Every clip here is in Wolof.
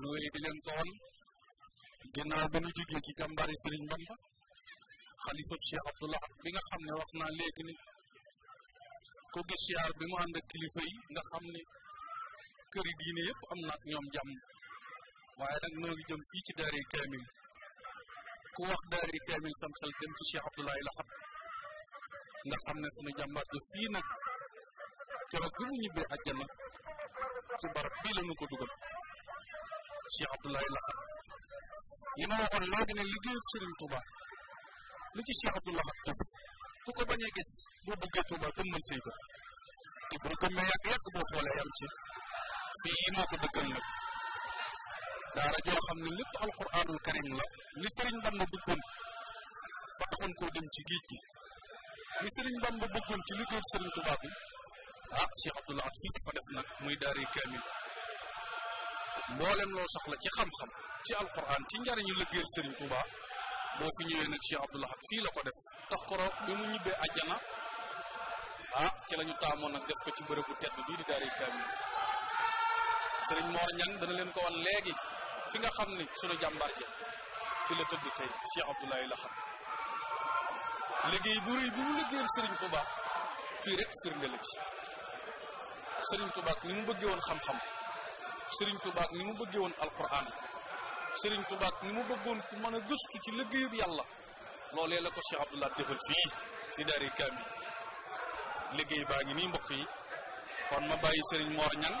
nu wéy di leen ko won ginnaaw ba jógee ci jàmbaari sëriñ Bamba xalifab Cheikh Abdoul Ahad bi nga xam ne wax naa léegi ni ko gis siyaar bi mu ànd ak kilifa yi nga xam ne këri diine yëpp am na ak ñoom jàmm waaye nag noo ngi jëm fii ci daari kaamil ku wax daari kaamil sam xel dem ci Cheikh Abdoulaye Lahad nga xam ne suñu jàmbaat ga fii nag keroog bi mu ñibbee àjjana ci barab bii la ñu ko dugal Cheikh Abdoulaye Lahat li ma waxoon léegi ne liggéeyu Sëriñ Touba lu ci Cheikh Abdoulaye Lahat ku ko bañ a gis boo buggee Touba te mën sëy ko te boo gëmmee yàgg-yàgg boo xoolee yam ci fii moo ko dëggal nag daara joo xam ne lépp alquranul karim la li Sëriñ Bamba bëggoon ba taxoon koo dem ci géej gi li Sëriñ Bamba bëggoon ci liggéeyu Sëriñ Touba bi ah Cheikh Abdoulaye Lahat fii dafa def nag muy daari kaamil mboolem loo la ci xam-xam ci alquran ci njariñu liggéeyal sëriñ Touba boo fi ñëwee nag Cheikh Abdoul Ahad fii la ko def tax koro bi mu ñibbee àjjana ah ci la ñu taamoon nag def ci bërëbu tedd bii di daari kaamil sëriñ leen ko wan léegi fi nga xam ni sunu jàmbar ja fi la tëdd tey Cheikh Abdoulaye la xam liggéey bu rëy bi mu liggéeyal sëriñ Touba fii rek firnde la ci sëriñ Touba ni mu bëggee woon xam-xam Serigne Touba ni mu bëggee woon Alquran Serigne Touba ni mu bëggoon ku mën a gëstu ci liggéeyub yàlla loolee la ko Cheikh Abdoulaye defal fii ci daari kaam yi liggéey baa ngi nii mbokk yi kon ma bàyyi Serigne moor Niang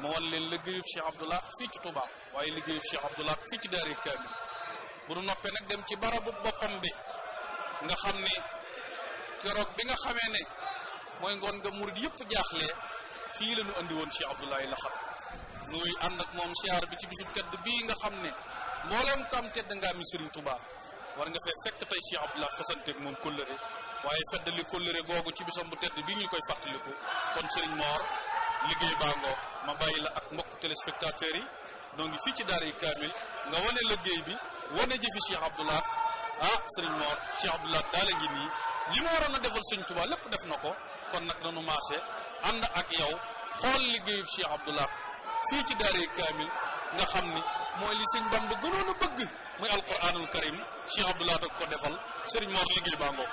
ma wan leen liggéeyub Cheikh Abdoulaye fii ci Touba waaye liggéeyub Cheikh Abdoulaye fii ci daari kaam yi bu nu noppee nag dem ci barabu boppam bi nga xam ne keroog bi nga xamee ne mooy ngoon nga murid yëpp jaaxle fii la ñu indi woon Cheikh Abdoulaye Laxat nuy ànd ak moom siyaar bi ci bisub tedd bii nga xam ne mbooleem ko am tedd nga am Sëriñ Tuubaa war nga fee fekk tey Cheikh Abdoulaye fasanteeg moom kóllëre waaye feddali kóllëre googu ci bisam bu tedd bii ñu koy fàttaliku kon Sëriñ Moor liggéey baangoo ma bàyyi la ak mbokk téléspectateurs yi noo ngi fii ci daara yi kaamil nga wane liggéey bi wane jëfi Cheikh Abdoulaye ah Sëriñ Moor Cheikh Abdoulaye daala ngi nii li mu waroon a defal sëñ Tuubaa lépp def na ko kon nag nanu maase ànd ak yow xool liggéeyub Cheikh Abdoulaye fii ci daaree kaamil nga xam ni mooy li sëñ Bamba gënoon a bëgg muy alquranul karim Cheikh Abdoulaye da ko defal sëriñ Mor liggéey baa ngoog